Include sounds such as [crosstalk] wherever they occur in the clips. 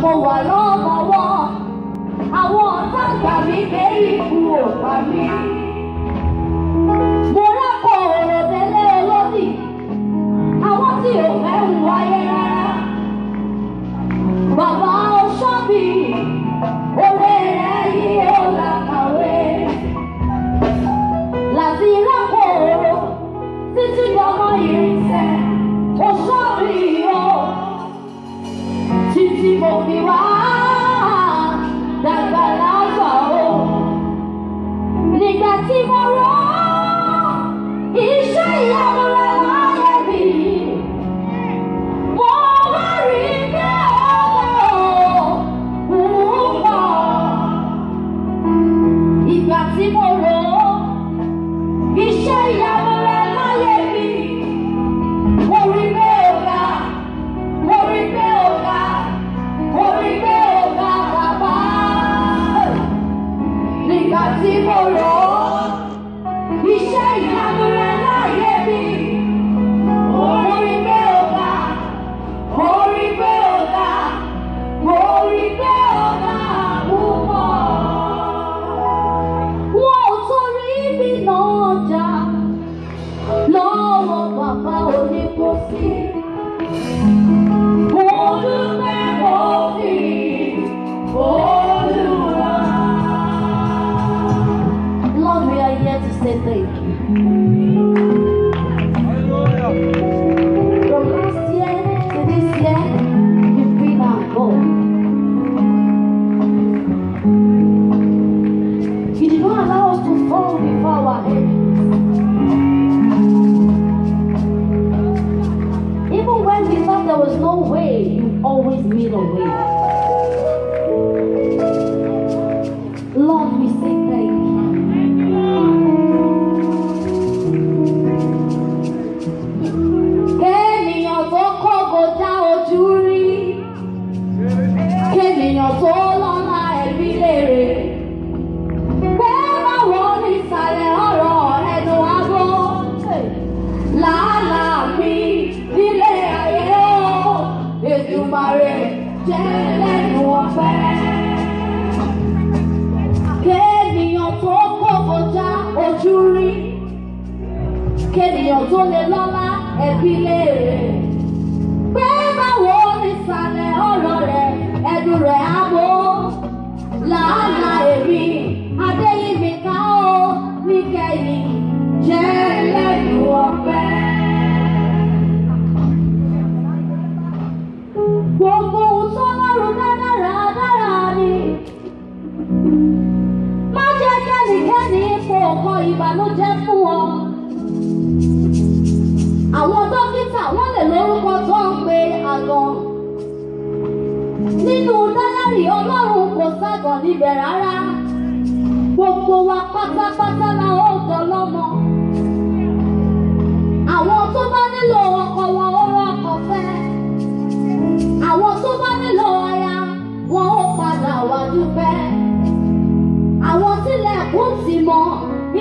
mo wà lọ́mọ wọn àwọn ọ̀tá gbà mí lérí.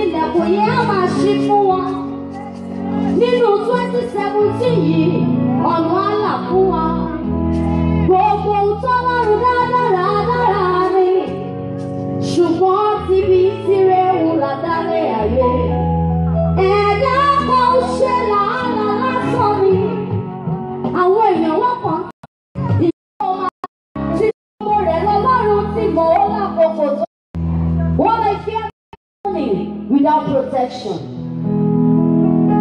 ilẹ̀kùn yẹn á máa ṣí fún wọn nínú twenty seventeen yìí ọ̀nà àlà fún wa gbogbo ohun tó protection.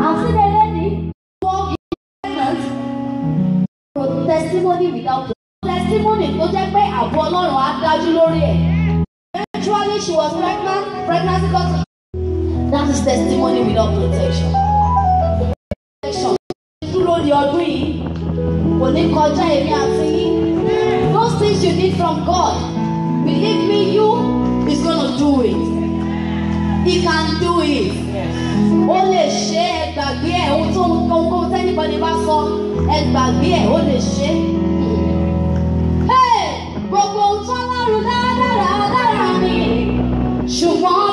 I've seen a lady walk in presence for testimony without testimony tó jẹ́ pé àbọ̀ ọlọ́run á dájú lórí ẹ̀. Eventually she was pregnant pregnancy got to that is testimony without protection. Protection dúró di ọdún yìí kò ní kọjá èmi àti yín. Those things you need from God believe me you is gonna do it. He can do it. Ó lè ṣe ẹ gbàgbé ẹ̀ ohun tó ohunkóhun tẹ́nìbọ̀nì bá sọ ẹ gbàgbé ẹ̀ ó lè ṣe. Gbogbo ohun tó lárú dáradára mi ṣùgbọ́n.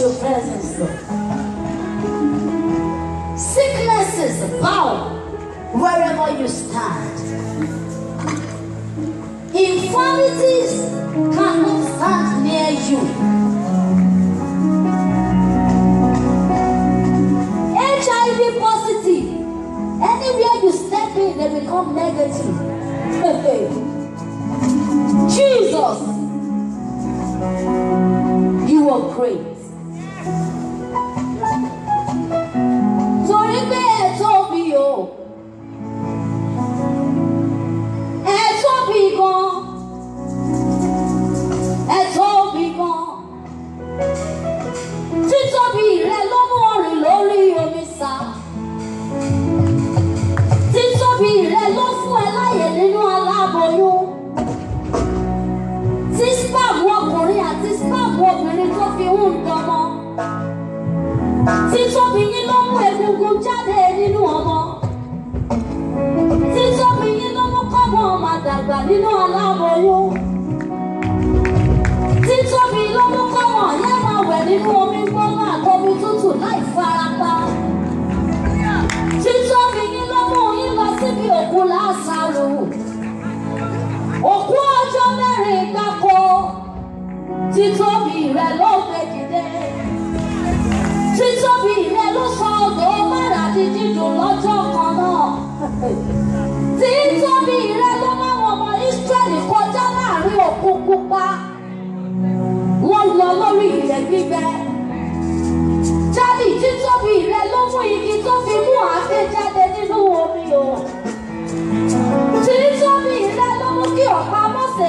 your presence, Lord. Sicknesses bow wherever you stand. Infirmities cannot stand near you. HIV positive. Anywhere you step in, they become negative. [laughs] Jesus. You will pray.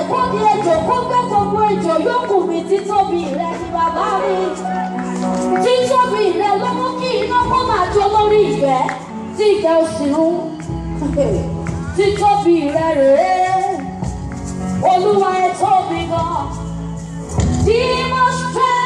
kó di ejò kó gbé gbogbo ejò yókù mi títóbi rẹ ni bàbá mi. Títóbi rẹ ló mú kí iná kó máa jó lórí ìgbẹ́ tí ìgbẹ́ ò sì ń. Títóbi rẹ rèé, olúwa ẹ tóbi gan. Dímọ̀ strength.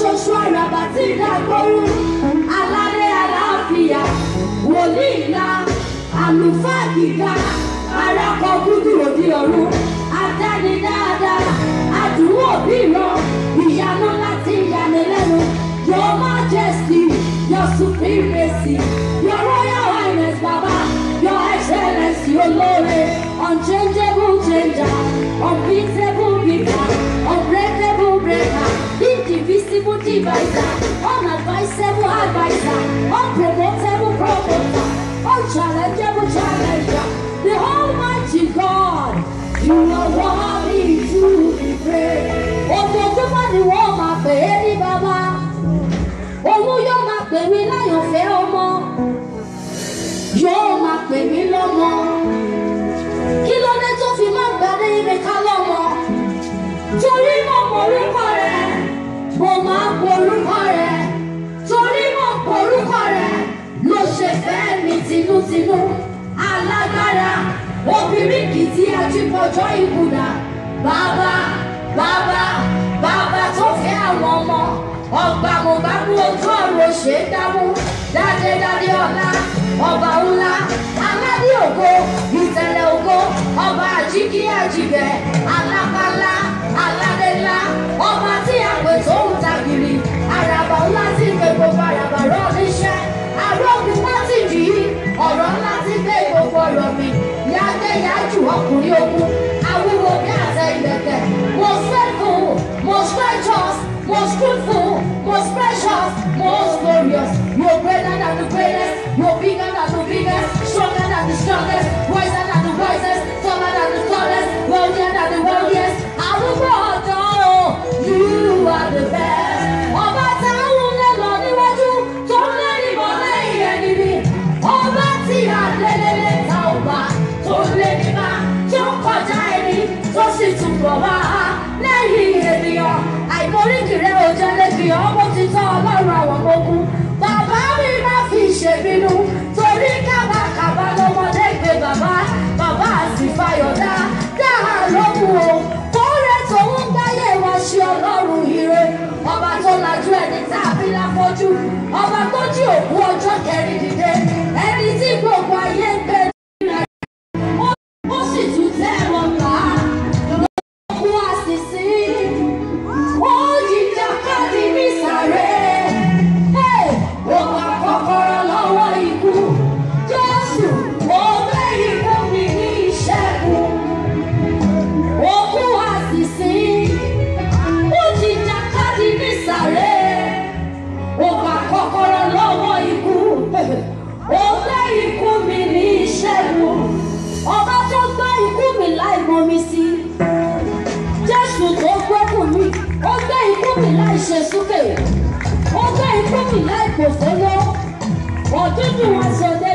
ṣoṣo àràbà tí ìdágbóhùn alálẹ̀ àlàáfíà wòlíì ńlá àlùfáà gíga arákọ̀ gúdù òdi ọ̀run adáni dáadáa àdúró òbí ìran ìyanu láti ìyanilẹ́nu your majesty your supremacy your royal highness baba your excellency olóore unchangeable changer unbeatable beater unbreakable breaker. unadvisable advisor, promoter, unchallengeable challenger, the Almighty God. You are worthy to be praised. don't you wọ́n. Tinúbú alágbára obìnrin kì í ti àtúbọ̀jọ́ ìbùdá bàbá bàbá bàbá tó fẹ́ àwọn ọmọ ọgbà mọ̀bámú ojú ọ̀rọ̀ ṣe é dámú dáadédáadé ọ̀la ọba ńlá aládé ògo ìtẹ̀lẹ̀ ògo ọba àjíkí àjìbẹ́. bí ogun awúwo bí àtẹ ìbẹ̀tẹ̀ most faithful most righteous most fruitful most precious most glorious you greater than the great. ọmọ tó jí òkú ọjọ́ kẹrin dìde. kò sówó òtútù wọn ṣe dé.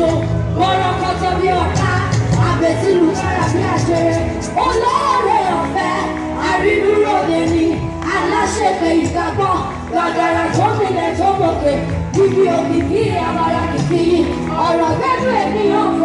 ṣe wọ́rọ̀ kọjá bí ọ̀tá àbẹ̀tìlù kára bí àṣẹrẹ olóore ọ̀fẹ́ àrídúróde ni aláṣẹ̀kẹ̀ ìgbàgbọ́ gbàgàrà tó nílẹ̀ tó gòkè bíbí òkìkí àmàlà kìkì yìí ọ̀rọ̀ gbẹ́dùn ènìyàn